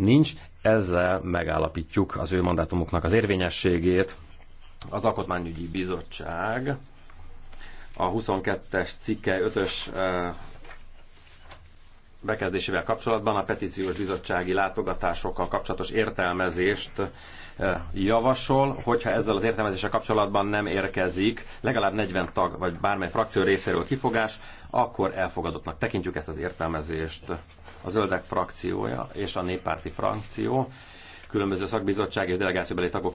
nincs, ezzel megállapítjuk az ő mandátumoknak az érvényességét. Az Alkotmányügyi Bizottság a 22-es cikke 5-ös bekezdésével kapcsolatban a petíciós bizottsági látogatásokkal kapcsolatos értelmezést eh, javasol, hogyha ezzel az értelmezéssel kapcsolatban nem érkezik legalább 40 tag vagy bármely frakció részéről kifogás, akkor elfogadottnak tekintjük ezt az értelmezést. A zöldek frakciója és a néppárti frakció különböző szakbizottság és delegációbeli tagok